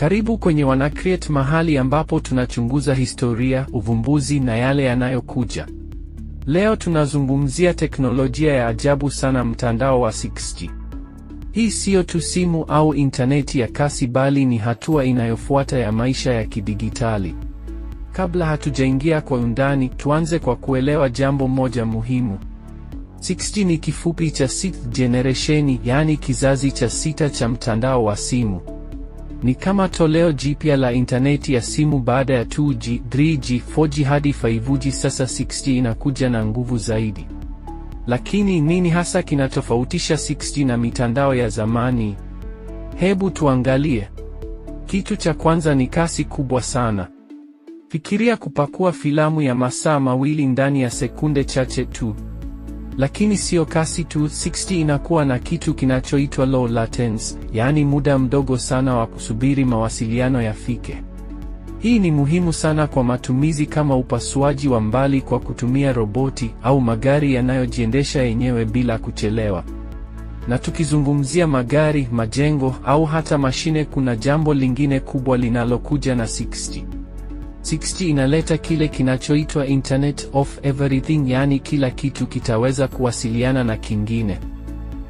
Karibu kwenye Wanacreate, mahali ambapo tunachunguza historia, uvumbuzi na yale yanayokuja. Leo tunazungumzia teknolojia ya ajabu sana, mtandao wa 6G. Hii siyo tu simu au intaneti ya kasi, bali ni hatua inayofuata ya maisha ya kidigitali. Kabla hatujaingia kwa undani, tuanze kwa kuelewa jambo moja muhimu. 6G ni kifupi cha sixth generation, yaani kizazi cha sita cha mtandao wa simu. Ni kama toleo jipya la intaneti ya simu baada ya 2G, 3G, 4G hadi 5G. Sasa 6G inakuja na nguvu zaidi. Lakini nini hasa kinatofautisha 6G na mitandao ya zamani? Hebu tuangalie. Kitu cha kwanza ni kasi kubwa sana. Fikiria kupakua filamu ya masaa mawili ndani ya sekunde chache tu. Lakini siyo kasi tu, 60 inakuwa na kitu kinachoitwa low latency, yaani muda mdogo sana wa kusubiri mawasiliano yafike. Hii ni muhimu sana kwa matumizi kama upasuaji wa mbali kwa kutumia roboti au magari yanayojiendesha yenyewe bila kuchelewa. Na tukizungumzia magari, majengo au hata mashine, kuna jambo lingine kubwa linalokuja na 60. 16 inaleta kile kinachoitwa Internet of Everything, yaani kila kitu kitaweza kuwasiliana na kingine.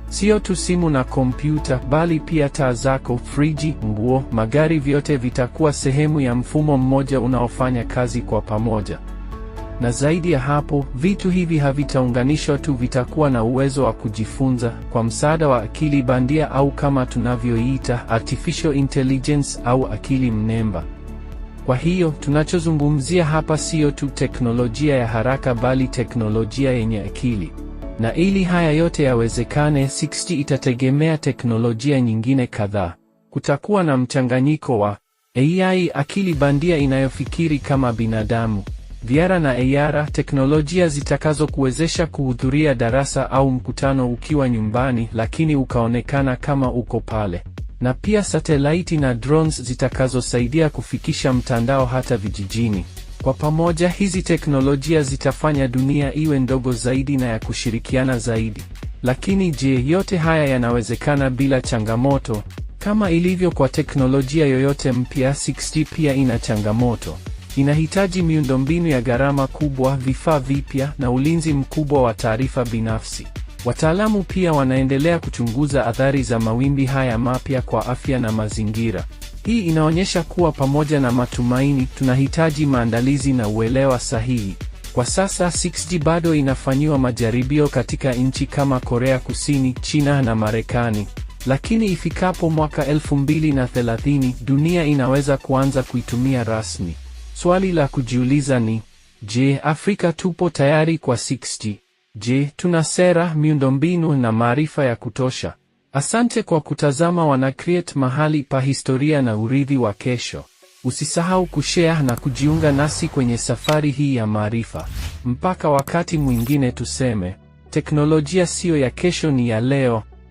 Sio tu simu na kompyuta, bali pia taa zako, friji, nguo, magari, vyote vitakuwa sehemu ya mfumo mmoja unaofanya kazi kwa pamoja. Na zaidi ya hapo, vitu hivi havitaunganishwa tu, vitakuwa na uwezo wa kujifunza kwa msaada wa akili bandia au kama tunavyoiita artificial intelligence au akili mnemba. Kwa hiyo tunachozungumzia hapa siyo tu teknolojia ya haraka bali teknolojia yenye akili. Na ili haya yote yawezekane, 60 itategemea teknolojia nyingine kadhaa. Kutakuwa na mchanganyiko wa AI, akili bandia inayofikiri kama binadamu, VR na AR, teknolojia zitakazokuwezesha kuhudhuria darasa au mkutano ukiwa nyumbani, lakini ukaonekana kama uko pale na pia satelaiti na drones zitakazosaidia kufikisha mtandao hata vijijini. Kwa pamoja, hizi teknolojia zitafanya dunia iwe ndogo zaidi na ya kushirikiana zaidi. Lakini je, yote haya yanawezekana bila changamoto? Kama ilivyo kwa teknolojia yoyote mpya, 6G pia ina changamoto. Inahitaji miundombinu ya gharama kubwa, vifaa vipya na ulinzi mkubwa wa taarifa binafsi. Wataalamu pia wanaendelea kuchunguza athari za mawimbi haya mapya kwa afya na mazingira. Hii inaonyesha kuwa pamoja na matumaini, tunahitaji maandalizi na uelewa sahihi. Kwa sasa 6G bado inafanyiwa majaribio katika nchi kama Korea Kusini, China na Marekani. Lakini ifikapo mwaka 2030, dunia inaweza kuanza kuitumia rasmi. Swali la kujiuliza ni, je, Afrika tupo tayari kwa 6G? Je, tuna sera, miundombinu na maarifa ya kutosha? Asante kwa kutazama Wanacreate, mahali pa historia na urithi wa kesho. Usisahau kushare na kujiunga nasi kwenye safari hii ya maarifa. Mpaka wakati mwingine, tuseme teknolojia siyo ya kesho, ni ya leo.